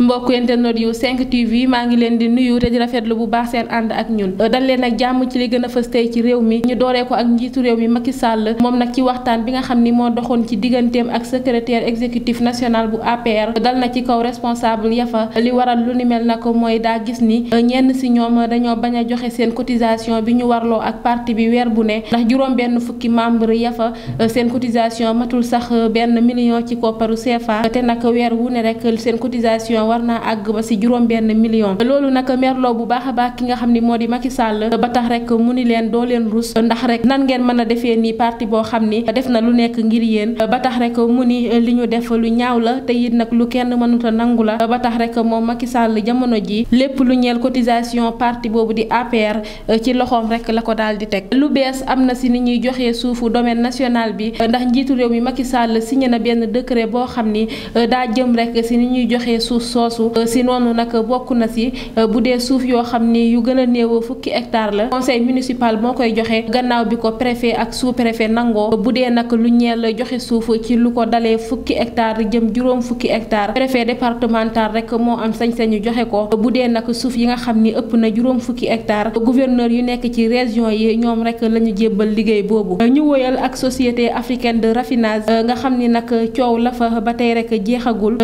mbokk internet yu 5 TV maa ngi leen di nuyu te di rafetlu bu baax seen ànd ak ñun dal leen ak jàmm ci li gën a fës ci réew mi ñu dooree ko ak njiitu réew mi Macky sàll moom nag ci waxtaan bi nga xam ni moo doxoon ci digganteem ak secrétaire exécutif national bu APR dal na ci kaw responsable yafa li waral lu ni mel na ko mooy daa gis ni ñenn si ñoom dañoo bañ a joxe seen cotisation bi ñu warloo ak partie bi weer bu ne ndax juróom benn fukki membre yafa seen cotisation matul sax benn million ci kopparu CFA te nag weer wu ne rek seen cotisation war naa àgg ba si juróom-benn million loolu nag merloo bu baax a baax ki nga xam ni moo di Macky Sall ba tax rek mu ni leen doo leen rus ndax rek nan ngeen mën a defee nii parti boo xam ni def na lu nekk ngir yéen ba tax rek mu ni li ñu def lu ñaaw la te it nag lu kenn mënuta nangu la ba tax rek moom Macky Sall jamono ji lépp lu ñeel cotisation parti boobu di APR ci loxoom rek la ko daal di teg lu bees am na si ni ñuy joxee suufu domaine national bi ndax njiitu réew mi Macky Sall signé na benn décret boo xam ni daa jëm rek si ni ñuy joxee suuf soosu euh, si noonu nag bokk na si euh, bu dee suuf yoo xam ni yu gën a néew fukki hectare la conseil municipal moo koy joxe gannaaw bi ko préfet ak sous préfet nangoo bu dee nag lu ñeel joxe suuf ci lu ko dalee fukki hectare jëm juróom fukki hectare préfet départemental rek moo am sañ-sañu joxe ko bu dee nag suuf yi nga xam ni ëpp na juróom fukki hectare gouverneur yu nekk ci région yi ñoom rek la ñu jébbal liggéey boobu euh, ñu woyal ak société africain de raffinage nga xam ni nag coow la fa ba tey rek jeexagul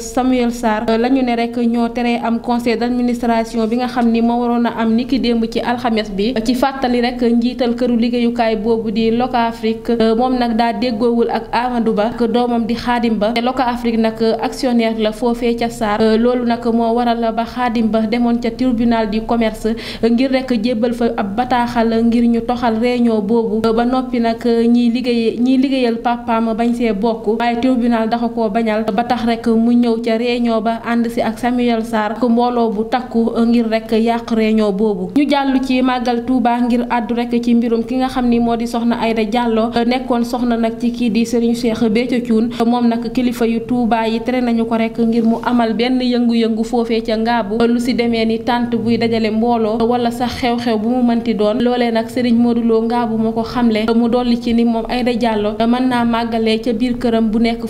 Samuel Sarr la ñu ne rek ñoo teree am conseil d'administration bi nga xam ni moo waroon a am niki démb ci alxames bi ci fàttali rek njiital këru liggéeyukaay boobu di Locafrique moom nag daa déggoowul ak Amadou Ba doomam di Xaadim Ba te Locafrique nag actionnaire la foofee ca Sarr loolu nag moo waral ba Xaadim Ba demoon ca tribunal du commerce ngir rek jébbal fa ab bataaxal ngir ñu toxal réunion boobu ba noppi nag ñiy liggéeyal papaam bañ see bokk waaye tribunal dafa ko bañal ba tax rek mu ñëw ñëw ca réunion ba ànd si ak Samuel Sarr ak mbooloo bu takku eh, ngir rek yàq réunion boobu ñu jàll ci màggal Touba ngir àddu rekk ci mbirum ki nga xam ni moo di soxna Aida Diallo eh, nekkoon soxna nag ci kii di Serigne Cheikh Béthio Thioune eh, moom nag kilifa yu Touba yi tere nañu ko rek ngir mu amal benn yëngu-yëngu foofee ca ngaabu lu si demee ni tànt buy dajale mbooloo wala sax xew-xew bu mu mënti doon loolee nag sëriñ mooduloo Lo ngaabu ma ko xamle mu dolli ci ni moom Aida Diallo mën naa màggalee këram bu nekk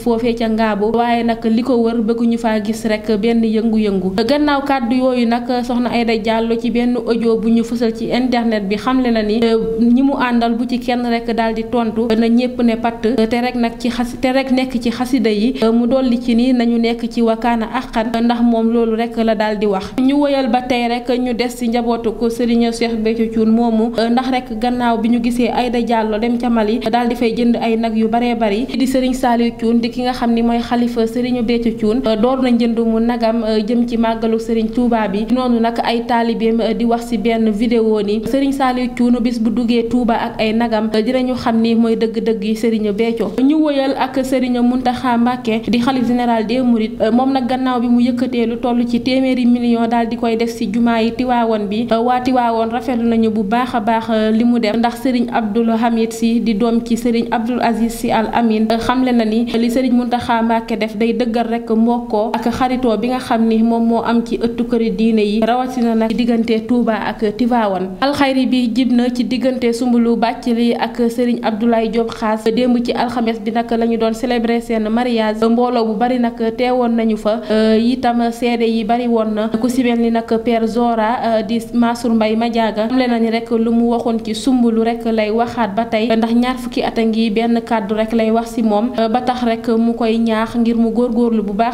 ñu fa gis rek benn yëngu-yëngu gannaaw kàddu yooyu nag soxna Aida Diallo ci benn audio bu ñu fësal ci internet bi xamle na ni ñi mu àndal bu ci kenn rek daal di tontu na ñépp ne patt te rek nag ci xas te rek nekk ci xasida yi mu dolli ci ni nañu nekk ci wakaana axan ndax moom loolu rek la daal di wax ñu woyal ba tey rek ñu des ci njabootu ko Serigne Cheikh Béthio Thioune moomu ndax rek gannaaw bi ñu gisee Aida Diallo dem ca Mali daal di fay jënd ay nag yu baree bari di Serigne Saliou Thioune di ki nga xam ni mooy xalifa Serigne Béthio Thioune jëm euh, door na njënd mu nagam euh, jëm ci màggalu Serigne Touba bi noonu nag ay taalibeem euh, di wax si benn vidéo ni Serigne Saliou Thioune bis bu duggee tuuba ak ay nagam dinañu xam ni mooy dëgg-dëgg yi Serigne Béthio ñu woyal ak Serigne Mountakha Mbacké di xalif général des Mourides moom nag gannaaw bi mu yëkkatee lu toll ci téeméeri million daal di koy def si jumaa yi Tiwaawoon bi waa Tiwaawoon rafetlu nañu bu baax a baax li mu def ndax Serigne Abdoul Hamid si di doom ci Serigne Abdoul Aziz si Al Amin xamle na ni li Serigne Mountakha def day dëggal mbokkoo ak xaritoo bi nga xam ni moom moo am ci ëttu këri diine yi rawatina nag diggante Touba ak Tivaouane alxayri bi jib na ci diggante Soumboulou Bathily ak Serigne Abdoulaye Diop Xaas démb ci alxames bi nag lañu doon selebre seen mariage mbooloo bu bari nag teewoon nañu fa euh, itam seede yi bari woon na ku si mel ni nag Père Zora euh, di Massour Mbaye Madiaga xam le nañu rek lu mu waxoon ci Soumboulou rek lay waxaat ba tey ndax ñaar fukki at a ngi benn kàddu rek lay wax si moom euh,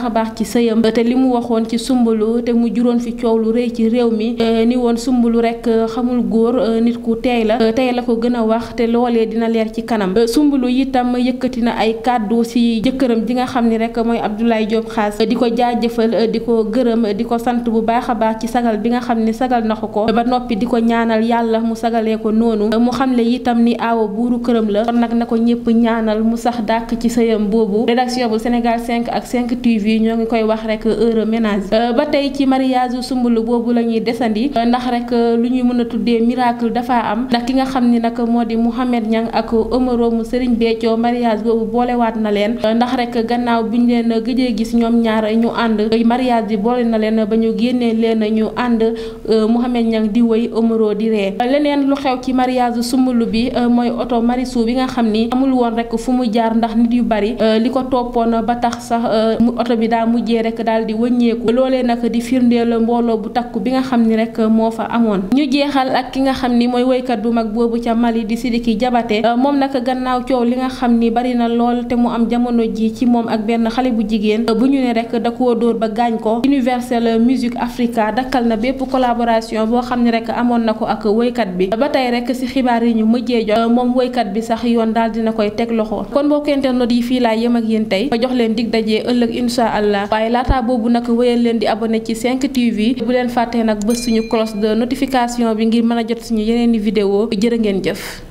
a baax ci sëyam te li mu waxoon ci sumbalu te mu juróon fi coow lu rëy ci réew mi e, ni woon sumbalu rek e, xamul góor e, nit ku teey la tey la ko gën a wax te loolee dina leer ci kanam sumbalu itam yëkkati na ay kàddu si jëkkëram ji nga xam ni rek mooy Abdoulaye Diop Khass di ko jaajëfal di ko gërëm di ko sant bu baax a baax ci sagal bi nga xam ni sagal na ko ko ba noppi di ko ñaanal yàlla mu sagalee ko noonu mu xamle itam ni aawa buuru këram la kon nag ko ñëpp ñaanal bi ñoo ngi koy wax rek heure ménage euh, ba tey ci mariage sumbulu boobu la ñuy desandi euh, ndax rek euh, lu ñuy mën a tuddee miracle dafa am ndax ki nga xam ni nag moo di Mouhamed Niang ak Omaro mu Serigne Béthio mariage boobu boolewaat na leen ndax rek gannaaw bi ñu leen gëjee gis ñoom ñaar ñu ànd mariage bi boole na leen ba ñu génnee leen ñu ànd Mouhamed Niang di woy Omaro di ree leneen lu xew ci mariage sumbulu bi mooy oto Marichou bi nga xam ni amul woon rek fu mu jaar ndax nit yu bari li ko toppoon ba tax sax oto bi mi daa mujjee rek daal di wëññeeku loolee nag di firndeel mbooloo bu takku bi nga xam ni rek moo fa amoon ñu jeexal ak ki nga xam ni mooy woykat bu mag boobu ca Mali di Sidiki jabate euh, moom nag gannaaw coow li nga xam ni bari na lool te mu am jamono ji ci moom ak benn xale bu jigéen euh, bu ñu ne rek da koo dóor ba gaañ ko Universal Music Africa dakkal na bépp collaboration boo xam ni rek amoon na ko ak woykat bi ba tey rek ci xibaar yi ñu mujjee jox euh, moom woykat bi sax yoon daal na koy teg loxo kon mbokk internet yi fii laa yem ak yéen tey ma jox leen dig ëllëg incha incha waaye laata boobu nag wéyal leen di abonné ci 5 TV bu leen fàttee nag bës suñu cloche de notification bi ngir mën a jot suñu yeneen i vidéo jërë ngeen jëf.